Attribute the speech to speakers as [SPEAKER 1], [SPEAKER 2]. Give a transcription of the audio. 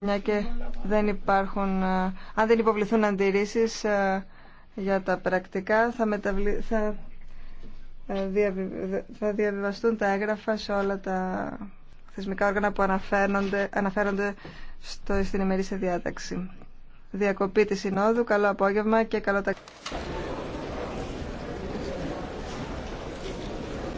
[SPEAKER 1] Μια και δεν υπάρχουν, ε, αν δεν υποβληθούν αντιρρήσεις ε, για τα πρακτικά, θα, μεταβλη, ε, θα, διαβιβαστούν τα έγγραφα σε όλα τα θεσμικά όργανα που αναφέρονται, αναφέρονται στο, στην ημερήσια διάταξη. Διακοπή της Συνόδου, καλό απόγευμα και καλό ταξίδι.